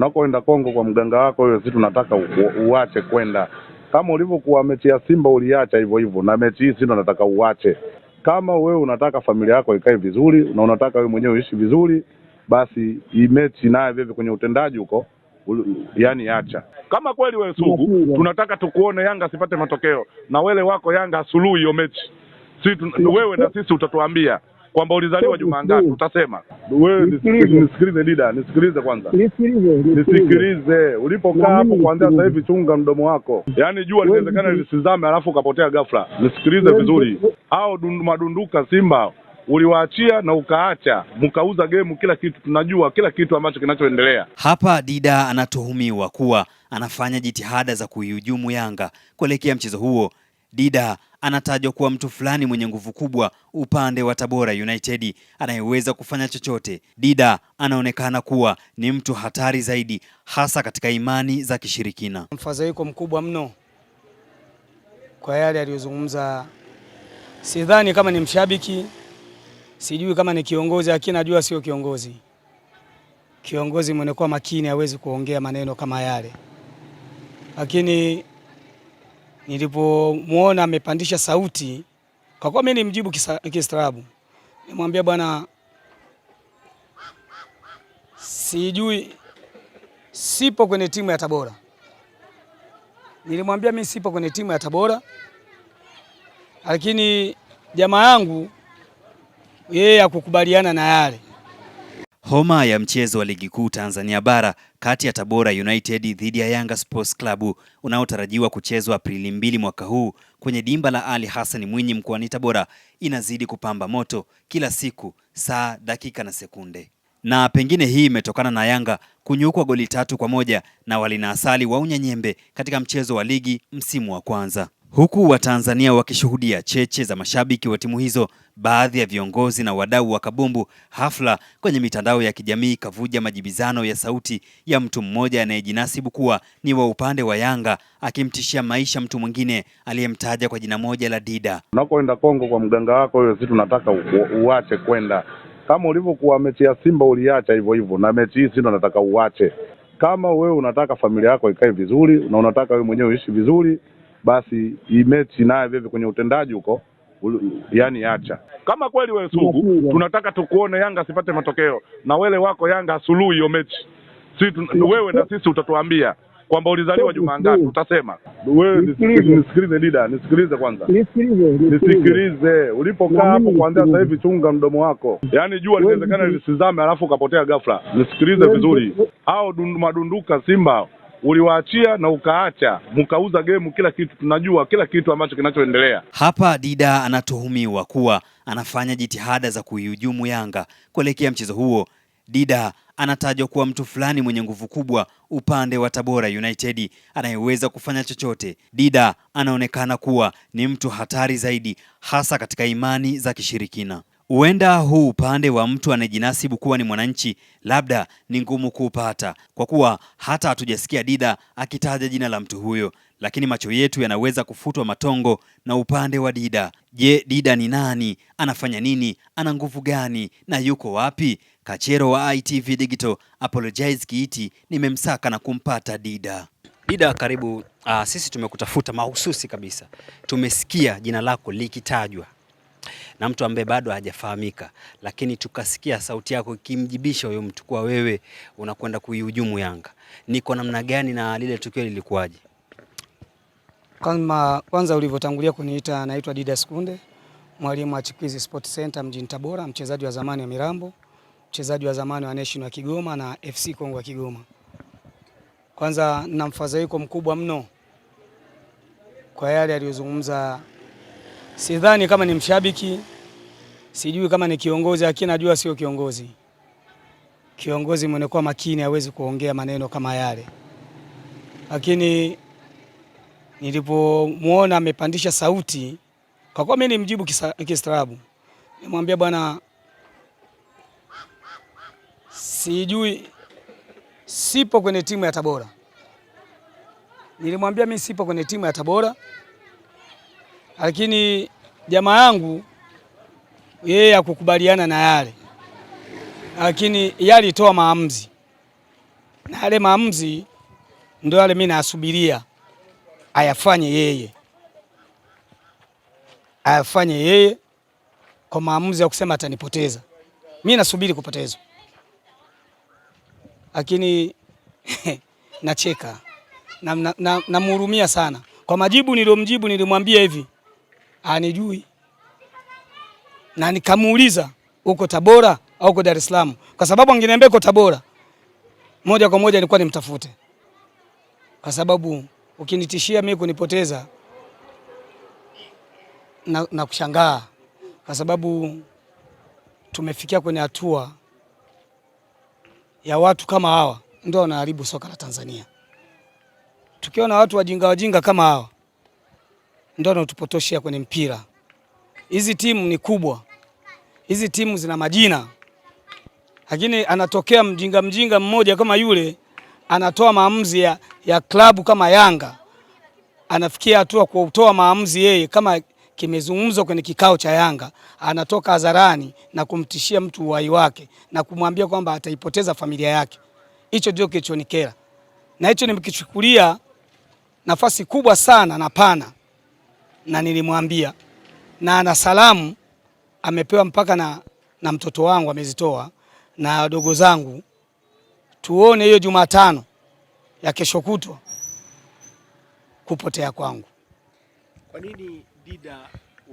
Unakoenda Kongo kwa mganga wako, hiyo si tunataka uache kwenda. Kama ulivyokuwa mechi ya Simba uliacha hivyo hivyo, na mechi hii si tunataka uache. Kama wewe unataka familia yako ikae vizuri na unataka wewe mwenyewe uishi vizuri, basi hii mechi naye vipi kwenye utendaji huko Yaani acha kama kweli wewe sugu, tunataka tukuone Yanga asipate matokeo na wele wako Yanga asuluhi hiyo mechi. Si wewe na sisi utatuambia kwamba ulizaliwa juma ngapi, utasema wewe. Nisikilize Dida, nisikilize kwanza, nisikilize. Ulipokaa hapo kuanzia sasa hivi, chunga mdomo wako, yaani jua linawezekana lisizame alafu ukapotea ghafla. Nisikilize vizuri, hao madunduka Simba uliwaachia na ukaacha, mkauza gemu, kila kitu. Tunajua kila kitu ambacho kinachoendelea hapa. Dida anatuhumiwa kuwa anafanya jitihada za kuihujumu Yanga kuelekea mchezo huo Dida anatajwa kuwa mtu fulani mwenye nguvu kubwa upande wa Tabora United anayeweza kufanya chochote. Dida anaonekana kuwa ni mtu hatari zaidi, hasa katika imani za kishirikina. Mfadhaiko mkubwa mno kwa yale aliyozungumza. Sidhani kama ni mshabiki, sijui kama ni kiongozi, lakini najua sio kiongozi. Kiongozi mwenye kuwa makini hawezi kuongea maneno kama yale, lakini Nilipomwona amepandisha sauti, kwa kuwa mimi nimjibu kistaarabu, nimwambia bwana, sijui sipo kwenye timu ya Tabora. Nilimwambia mimi sipo kwenye timu ya Tabora, lakini jamaa yangu yeye hakukubaliana na yale Homa ya mchezo wa ligi kuu Tanzania bara kati ya Tabora United dhidi ya Yanga Sports Club unaotarajiwa kuchezwa Aprili mbili mwaka huu kwenye dimba la Ali Hassan Mwinyi mkoani Tabora inazidi kupamba moto kila siku, saa, dakika na sekunde, na pengine hii imetokana na Yanga kunyukwa goli tatu kwa moja na walinaasali wa Unyanyembe katika mchezo wa ligi msimu wa kwanza. Huku Watanzania wakishuhudia cheche za mashabiki wa timu hizo, baadhi ya viongozi na wadau wa kabumbu, hafla kwenye mitandao ya kijamii ikavuja majibizano ya sauti ya mtu mmoja anayejinasibu kuwa ni wa upande wa Yanga akimtishia maisha mtu mwingine aliyemtaja kwa jina moja la Dida. Unakoenda Kongo kwa mganga wako, hiyo si tunataka uache kwenda kama ulivyokuwa mechi ya Simba uliacha hivyo hivyo, na mechi hii Simba nataka uache. Kama wewe unataka familia yako ikae vizuri na unataka wewe mwenyewe uishi vizuri basi hii mechi naye vivyo kwenye utendaji huko yani acha kama kweli wewe sugu tunataka tukuone Yanga asipate matokeo na wele wako Yanga asuluhi hiyo mechi si wewe na sisi utatuambia kwamba ulizaliwa juma ngapi, utasema wewe. Nisikilize Dida, nisikilize kwanza, nisikilize. Ulipokaa hapo kuanzia sasa hivi, chunga mdomo wako, yaani jua linawezekana lisizame alafu ukapotea ghafla. Nisikilize vizuri, hao madunduka Simba uliwaachia na ukaacha mkauza gemu, kila kitu tunajua, kila kitu ambacho kinachoendelea hapa. Dida anatuhumiwa kuwa anafanya jitihada za kuihujumu Yanga kuelekea mchezo huo. Dida anatajwa kuwa mtu fulani mwenye nguvu kubwa upande wa Tabora United anayeweza kufanya chochote. Dida anaonekana kuwa ni mtu hatari zaidi hasa katika imani za kishirikina. Huenda huu upande wa mtu anayejinasibu kuwa ni mwananchi labda ni ngumu kuupata, kwa kuwa hata hatujasikia Dida akitaja jina la mtu huyo, lakini macho yetu yanaweza kufutwa matongo na upande wa Dida. Je, Dida ni nani? Anafanya nini? Ana nguvu gani? na yuko wapi? Kachero wa ITV Digital, Apologize Kiiti, nimemsaka na kumpata Dida. Dida karibu. Aa, ah, sisi tumekutafuta mahususi kabisa, tumesikia jina lako likitajwa na mtu ambaye bado hajafahamika, lakini tukasikia sauti yako ikimjibisha huyo mtu kuwa wewe unakwenda kuihujumu Yanga, ni kwa namna gani na lile tukio lilikuwaje? Kama kwanza ulivyotangulia kuniita, naitwa Didas Kunde, mwalimu wa Chikizi Sports Center mjini Tabora, mchezaji wa zamani wa Mirambo, mchezaji wa zamani wa Nation wa Kigoma na FC Kongo wa Kigoma. Kwanza nina mfadhaiko mkubwa mno kwa yale aliyozungumza Sidhani kama ni mshabiki, sijui kama ni kiongozi, lakini najua sio kiongozi. Kiongozi mwenye kuwa makini hawezi kuongea maneno kama yale, lakini nilipomwona amepandisha sauti, kwa kuwa mimi nimjibu kistaarabu, nimwambia bwana, sijui sipo kwenye timu ya Tabora. Nilimwambia mimi sipo kwenye timu ya Tabora lakini jamaa yangu yeye hakukubaliana na yale, lakini yali itoa maamuzi na yale maamuzi ndio yale mimi nasubiria ayafanye yeye, ayafanye yeye kwa maamuzi ya kusema atanipoteza mi nasubiri kupotezwa, lakini nacheka namhurumia na, na, na sana kwa majibu niliyomjibu. Nilimwambia hivi anijui, na nikamuuliza uko Tabora au uko Dar es Salaam, kwa sababu angeniambia uko Tabora moja kwa moja nilikuwa nimtafute, kwa sababu ukinitishia mimi kunipoteza na, na kushangaa kwa sababu tumefikia kwenye hatua ya watu kama hawa ndio wanaharibu soka la Tanzania. Tukiona watu wajinga wajinga kama hawa ndio anatupotoshia kwenye mpira. Hizi timu ni kubwa, hizi timu zina majina, lakini anatokea mjinga mjinga mmoja kama yule, anatoa maamuzi ya, ya klabu kama Yanga, anafikia hatua kwa kutoa maamuzi yeye kama kimezungumzwa kwenye kikao cha Yanga, anatoka hadharani na kumtishia mtu uhai wake na kumwambia kwamba ataipoteza familia yake. Hicho ndio kilichonikera, na hicho nimekichukulia nafasi kubwa sana na pana na nilimwambia, na ana salamu amepewa mpaka na, na mtoto wangu amezitoa na wadogo zangu. Tuone hiyo Jumatano ya kesho kutwa kupotea kwangu. Kwa nini Dida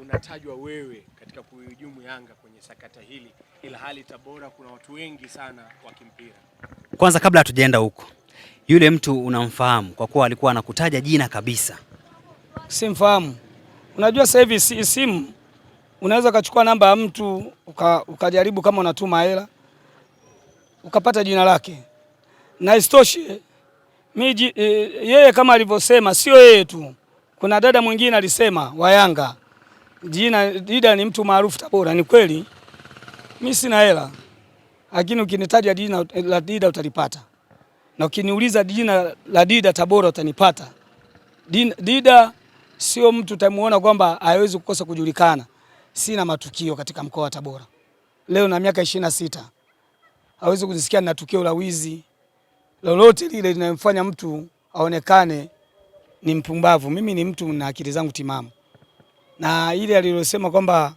unatajwa wewe katika kuhujumu Yanga kwenye sakata hili, ila hali Tabora kuna watu wengi sana wa kimpira? Kwanza kabla hatujaenda huko, yule mtu unamfahamu kwa kuwa alikuwa anakutaja jina kabisa? Simfahamu. Unajua sasa hivi simu unaweza ukachukua namba ya mtu uka, ukajaribu kama unatuma hela ukapata jina lake, na isitoshe miji e, yeye kama alivyosema, sio yeye tu, kuna dada mwingine alisema wa Yanga jina dida ni mtu maarufu Tabora. Ni kweli, mimi sina hela, lakini ukinitaja jina la dida utalipata, na ukiniuliza jina la dida Tabora utanipata dida sio mtu utamuona kwamba hawezi kukosa kujulikana. Sina matukio katika mkoa wa Tabora leo na miaka ishirini na sita hawezi kujisikia na tukio la wizi lolote lile linamfanya mtu aonekane ni mpumbavu. Mimi ni mtu na akili zangu timamu, na ile alilosema kwamba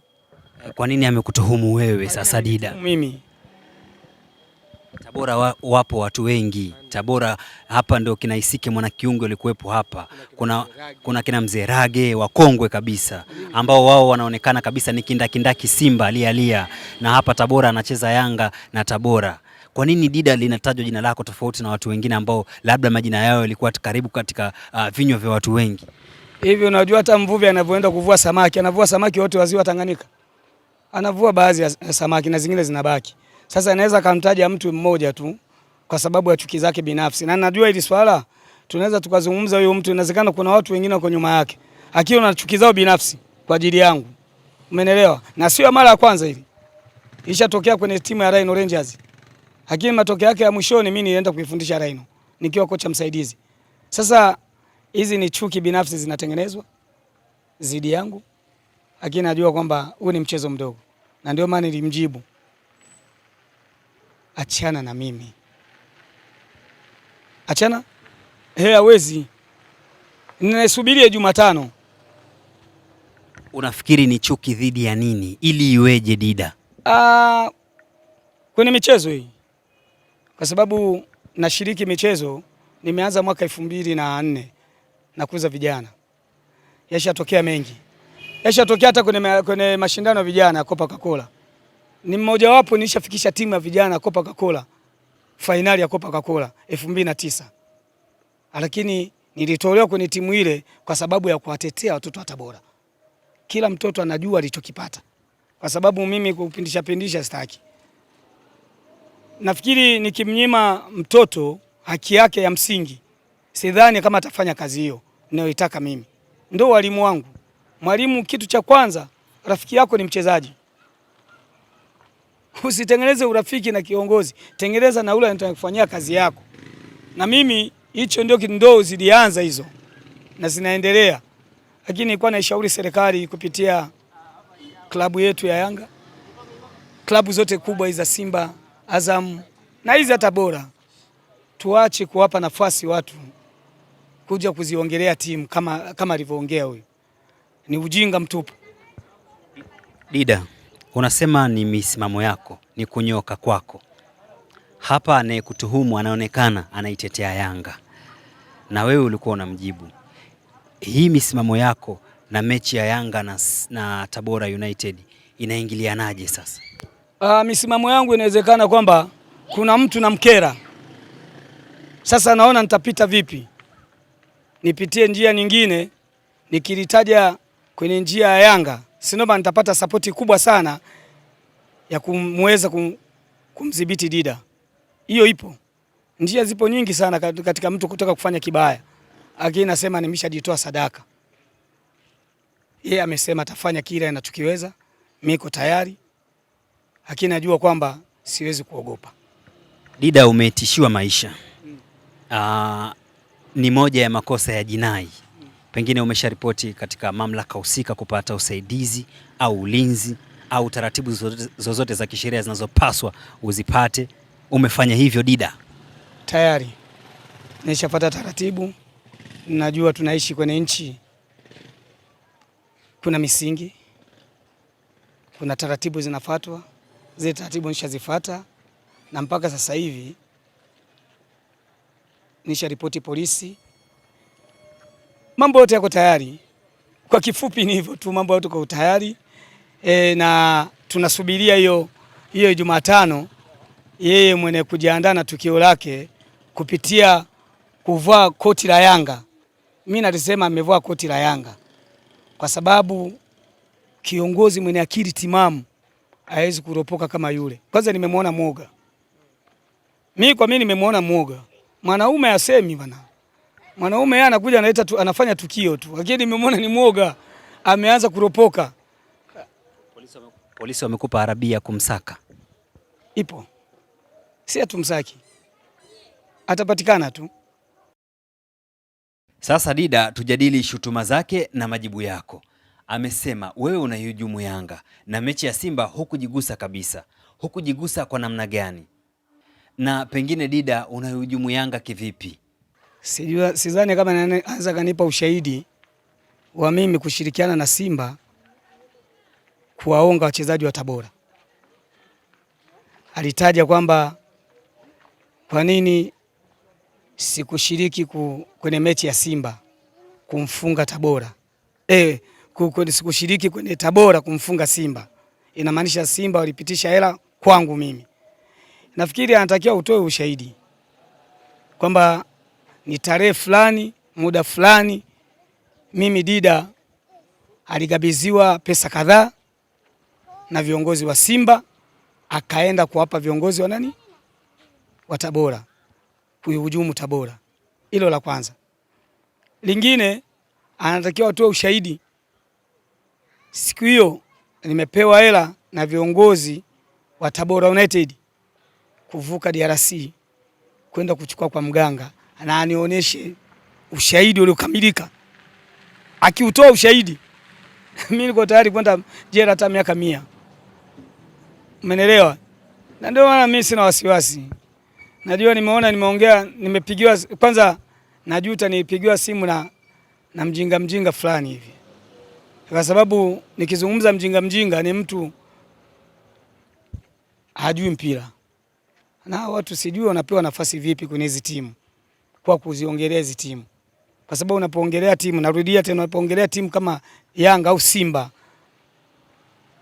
kwa nini amekutuhumu wewe sasa Dida, mimi Tabora wa, wapo watu wengi Tabora hapa ndo kina Isike mwana kiungo alikuwepo hapa. Kuna, kuna kina mzee Rage wakongwe kabisa ambao wao wanaonekana kabisa ni kindakindaki Simba alialia, na hapa Tabora anacheza Yanga na Tabora. Kwa nini Dida linatajwa jina lako tofauti na watu wengine ambao labda majina yao yalikuwa karibu katika uh, vinywa vya watu wengi hivi? Unajua hata mvuvi anavyoenda kuvua samaki anavua samaki wote wa ziwa Tanganyika, anavua baadhi ya samaki na zingine zinabaki sasa inaweza kamtaja mtu mmoja tu kwa sababu ya chuki zake binafsi, na najua hili swala tunaweza tukazungumza huyo mtu, inawezekana kuna watu wengine wako nyuma yake akiwa na chuki zao binafsi kwa ajili yangu, umeelewa? Na sio mara ya kwanza hili, ishatokea kwenye timu ya Rhino Rangers, lakini matokeo yake ya mwishoni mimi nilienda kuifundisha Rhino nikiwa kocha msaidizi. Sasa hizi ni chuki binafsi zinatengenezwa zidi yangu, lakini najua kwamba huu ni mchezo mdogo, na ndio maana nilimjibu achana na mimi, achana he, hawezi nisubirie Jumatano. Unafikiri ni chuki dhidi ya nini ili iweje, Dida? Aa, ah, kwenye michezo hii, kwa sababu nashiriki michezo, nimeanza mwaka elfu mbili na nne nakuza vijana, yashatokea mengi, yashatokea hata kwenye, kwenye mashindano ya vijana ya Coca-Cola ni mmoja wapo nilishafikisha timu ya vijana ya Copa Cola fainali ya Copa coca Cola 2009 lakini nilitolewa kwenye timu ile kwa sababu ya kuwatetea watoto wa Tabora. Kila mtoto anajua alichokipata, kwa sababu mimi kupindisha pindisha sitaki. Nafikiri nikimnyima mtoto haki yake ya msingi, sidhani kama atafanya kazi hiyo ninayoitaka mimi. Ndio walimu wangu. Mwalimu, kitu cha kwanza, rafiki yako ni mchezaji. Usitengeneze urafiki na kiongozi, tengeneza na ule anayekufanyia kazi yako. Na mimi hicho ndio kindoo zilianza hizo na zinaendelea, lakini nilikuwa naishauri serikali kupitia klabu yetu ya Yanga, klabu zote kubwa hizi za Simba, Azam na hizi hata Bora, tuache kuwapa nafasi watu kuja kuziongelea timu kama kama alivyoongea huyu, ni ujinga mtupu. Dida unasema ni misimamo yako, ni kunyoka kwako. Hapa anayekutuhumu anaonekana anaitetea Yanga na wewe ulikuwa unamjibu. Hii misimamo yako na mechi ya Yanga na, na Tabora United inaingilianaje sasa? Uh, misimamo yangu inawezekana kwamba kuna mtu namkera sasa, naona nitapita vipi, nipitie njia nyingine. Nikilitaja kwenye njia ya Yanga Sinoma nitapata sapoti kubwa sana ya kumweza kum, kumdhibiti Dida. Hiyo ipo, njia zipo nyingi sana katika mtu kutaka kufanya kibaya, lakini nasema nimeshajitoa sadaka. Yeye amesema atafanya kile anachokiweza, mimi niko tayari, lakini najua kwamba siwezi kuogopa. Dida, umetishiwa maisha. Hmm. Ah, Aa, ni moja ya makosa ya jinai pengine umesharipoti katika mamlaka husika kupata usaidizi au ulinzi au taratibu zozote za kisheria zinazopaswa uzipate. Umefanya hivyo DIDA? Tayari nishapata taratibu, najua tunaishi kwenye nchi, kuna misingi, kuna taratibu zinafatwa zile taratibu nishazifuata, na mpaka sasa hivi nisharipoti polisi mambo yote yako tayari. Kwa kifupi ni hivyo tu, mambo yote kwa utayari e, na tunasubiria hiyo hiyo Jumatano, yeye mwenye kujiandaa na tukio lake kupitia kuvaa koti la Yanga. Mimi nalisema amevaa koti la Yanga kwa sababu kiongozi mwenye akili timamu hawezi kuropoka kama yule. Kwanza nimemwona mwoga mimi, kwa mimi nimemwona mwoga, mwanaume asemi bana Mwanaume yeye anakuja analeta tu, anafanya tukio tu, lakini nimemwona ni mwoga, ameanza kuropoka. Polisi, wamekupa arabia kumsaka? Ipo, si atumsaki, atapatikana tu. Sasa Dida, tujadili shutuma zake na majibu yako. Amesema wewe unaihujumu Yanga na mechi ya Simba hukujigusa kabisa. Hukujigusa kwa namna gani? Na pengine Dida, unaihujumu Yanga kivipi? Sijua, sidhani kama anaweza kanipa ushahidi wa mimi kushirikiana na Simba kuwaonga wachezaji wa Tabora. Alitaja kwamba kwa nini sikushiriki kwenye mechi ya Simba kumfunga Tabora e, sikushiriki kwenye Tabora kumfunga Simba, inamaanisha Simba walipitisha hela kwangu mimi. Nafikiri anatakiwa utoe ushahidi kwamba ni tarehe fulani muda fulani, mimi Dida alikabidhiwa pesa kadhaa na viongozi wa Simba, akaenda kuwapa viongozi wa nani wa Tabora kuihujumu Tabora. Hilo la kwanza. Lingine anatakiwa atoe ushahidi, siku hiyo nimepewa hela na viongozi wa Tabora United kuvuka DRC kwenda kuchukua kwa mganga na anionyeshe ushahidi uliokamilika. Akiutoa ushahidi mimi niko tayari kwenda jela hata miaka mia. Umenelewa? Na ndio maana mimi sina wasiwasi. Najua nimeona, nimeongea, nimepigiwa kwanza, najuta nipigiwa simu na na mjinga mjinga fulani hivi, kwa sababu nikizungumza mjinga mjinga ni mtu hajui mpira na watu sijui wanapewa nafasi vipi kwenye hizi timu kwa kuziongelea hizi timu, kwa sababu unapoongelea timu, narudia tena, unapoongelea timu kama Yanga au Simba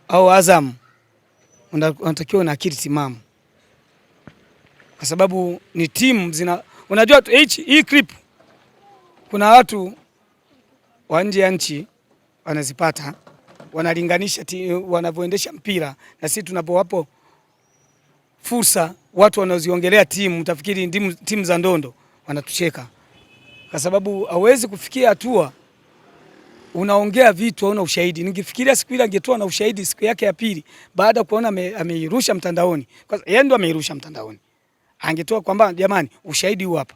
au Azam unatakiwa una akili timamu, kwa sababu ni timu zina, unajua hii clip kuna watu wa nje ya nchi wanazipata wanalinganisha wanavyoendesha mpira na sisi tunapowapo fursa watu wanaoziongelea timu, mtafikiri timu za ndondo wanatucheka kwa sababu hawezi kufikia hatua unaongea vitu hauna ushahidi. Ningefikiria siku ile angetoa na ushahidi siku yake ya pili baada ya kuona ameirusha mtandaoni, kwa yeye ndo ameirusha mtandaoni, angetoa kwamba jamani, ushahidi huu hapa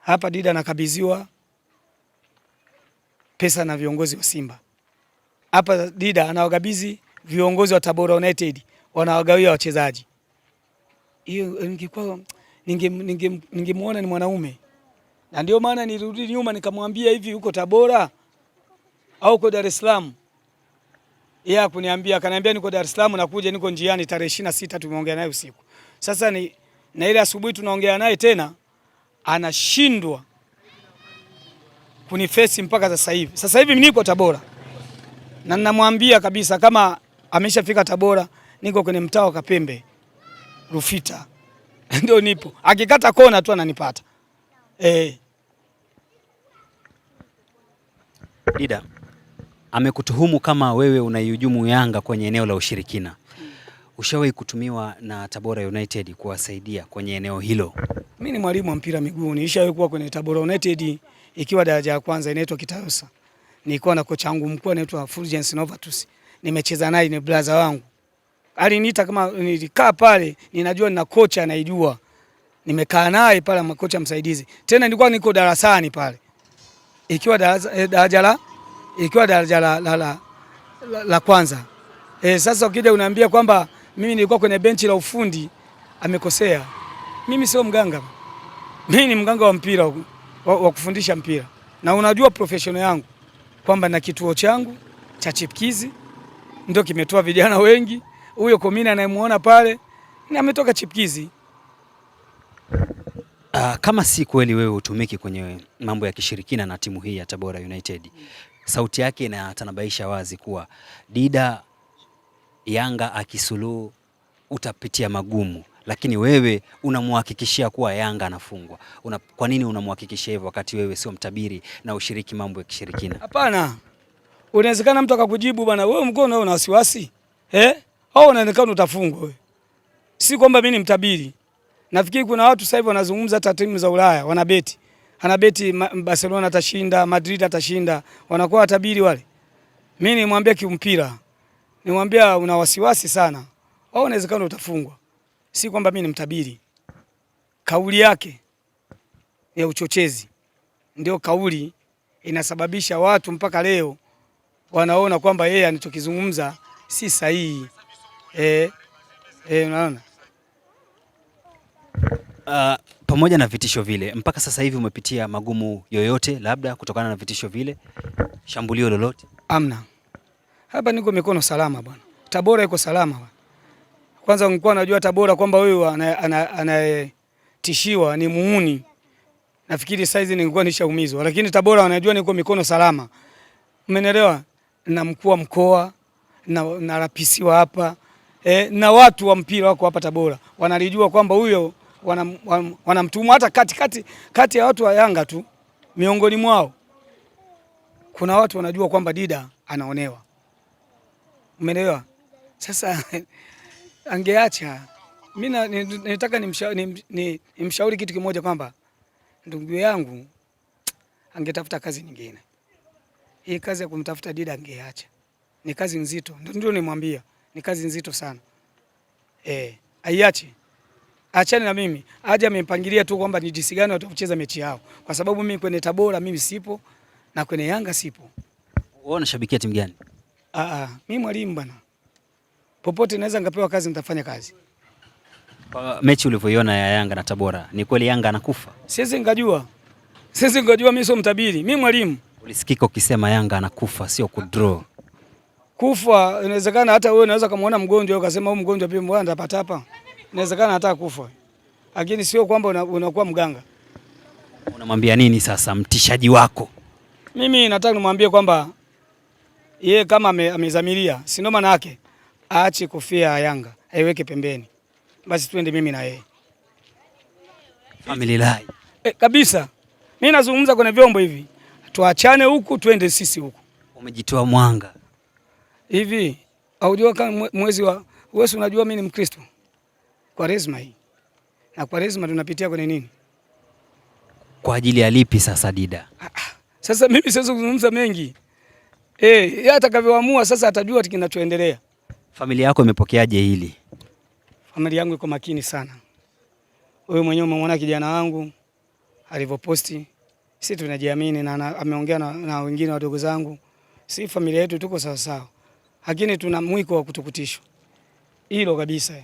hapa, Dida anakabidhiwa pesa na viongozi wa Simba hapa, Dida anawakabidhi viongozi wa Tabora United wanawagawia wachezaji hiyo eh, ningekuwa ningemwona ninge, ninge ni mwanaume, na ndio maana nirudi nyuma nikamwambia hivi, uko Tabora au uko Dar es Salaam? Yeye akuniambia akaniambia niko Dar es Salaam, nakuja, niko njiani. Tarehe ishirini na sita tumeongea naye usiku, sasa ni na ile asubuhi tunaongea naye tena, anashindwa kunifesi mpaka sasa hivi. Sasa hivi niko Tabora na ninamwambia kabisa kama ameshafika Tabora, niko kwenye mtaa wa Kapembe Rufita. ndio nipo, akikata kona tu ananipata eh. Dida amekutuhumu kama wewe unaihujumu Yanga kwenye eneo la ushirikina. Ushawahi kutumiwa na Tabora United kuwasaidia kwenye eneo hilo? Mimi ni mwalimu wa mpira miguu, nishawahi kuwa kwenye Tabora United ikiwa daraja ya kwanza inaitwa Kitayosa. Nilikuwa na kocha wangu mkuu anaitwa Fulgence Novatus. Nimecheza naye ni brother wangu aliniita kama nilikaa pale, ninajua nina kocha anaijua, nimekaa naye pale, makocha msaidizi. Tena nilikuwa niko darasani pale, ikiwa eh, daraja la ikiwa daraja la, la, la, la, la kwanza. E, sasa ukija unaambia kwamba mimi nilikuwa kwenye benchi la ufundi, amekosea. Mimi sio mganga, mimi ni mganga wa mpira wa, wa kufundisha mpira, na unajua professional yangu kwamba na kituo changu cha chipkizi ndio kimetoa vijana wengi huyo Komini anayemuona pale na ametoka chipkizi. Uh, kama si kweli wewe utumiki kwenye mambo ya kishirikina na timu hii ya Tabora United, sauti yake inatanabaisha wazi kuwa Dida Yanga akisuluhu utapitia magumu, lakini wewe unamhakikishia kuwa Yanga anafungwa. Una, kwa nini unamhakikishia hivyo wakati wewe sio mtabiri na ushiriki mambo ya kishirikina? Hapana, unawezekana mtu akakujibu bwana, wewe mkono una wasiwasi eh? au unaonekana utafungwa wewe. Si kwamba mimi ni mtabiri. Nafikiri kuna watu sasa hivi wanazungumza hata timu za Ulaya wanabeti. Anabeti Barcelona atashinda, Madrid atashinda, wanakuwa watabiri wale. Mimi nimwambia kimpira. Nimwambia una wasiwasi sana. Au unawezekana utafungwa. Si kwamba mimi ni mtabiri. Kauli yake ya uchochezi ndio kauli inasababisha watu mpaka leo wanaona kwamba yeye anachokizungumza si sahihi eh, eh, unaona Uh, pamoja na vitisho vile, mpaka sasa hivi umepitia magumu yoyote, labda kutokana na vitisho vile, shambulio lolote? Amna, hapa niko mikono salama bwana. Tabora iko salama bwana. Kwanza ungekuwa unajua Tabora kwamba huyu anayetishiwa ni muuni, nafikiri saizi ningekuwa nishaumizwa, lakini Tabora wanajua niko mikono salama, umenielewa, na mkuu wa mkoa na, na rapisi wa hapa e, na watu wa mpira wako hapa Tabora wanalijua kwamba huyo wanamtumwa wana hata kati, kati, kati ya watu wa Yanga tu miongoni mwao kuna watu wanajua kwamba Dida anaonewa, umeelewa? Sasa angeacha. Mi nataka nimshauri ni, ni kitu kimoja kwamba ndugu yangu angetafuta kazi nyingine. Hii kazi ya kumtafuta Dida angeacha, ni kazi nzito, ndio nimwambia ni kazi nzito sana e, aiache achane na mimi aje amempangilia tu kwamba ni jinsi gani watakucheza mechi yao, kwa sababu mimi kwenye Tabora mimi sipo na kwenye Yanga sipo. Wewe unashabikia timu gani? Ah, mimi ah. mwalimu bwana, popote naweza ngapewa kazi nitafanya kazi. Kwa mechi ulivyoiona ya Yanga na Tabora, ni kweli Yanga anakufa? Siwezi ngajua, siwezi ngajua, mimi sio mtabiri, mimi mwalimu. Ulisikika ukisema Yanga anakufa, sio kudraw Kufa inawezekana hata wewe unaweza kumuona mgonjwa ukasema huyu mgonjwa pia mbona atapata hapa. Inawezekana hata kufa. Lakini sio kwamba unakuwa una mganga. Unamwambia nini sasa mtishaji wako? Mimi nataka nimwambie kwamba yeye kama amezamiria, si ndo maana yake aache kufia Yanga, aiweke pembeni. Basi twende mimi na yeye. Familia e, eh, kabisa. Mimi nazungumza kwenye vyombo hivi. Tuachane huku twende sisi huku. Umejitoa mwanga hivi aujua kama mwezi wa wewe, unajua mimi ni Mkristo. rezima hii na rezima tunapitia kwenye nini? Kwa ajili ya lipi sasa, Dida? Ah, ah. Sasa mimi siwezi kuzungumza mengi eh, yeye atakavyoamua sasa atajua kinachoendelea. Familia yako imepokeaje hili? Familia yangu iko makini sana. Wewe mwenyewe umemwona kijana wangu alivyoposti, sisi tunajiamini na ameongea na, na wengine wadogo zangu, si familia yetu tuko sawasawa lakini tuna mwiko wa kutukutishwa hilo kabisa.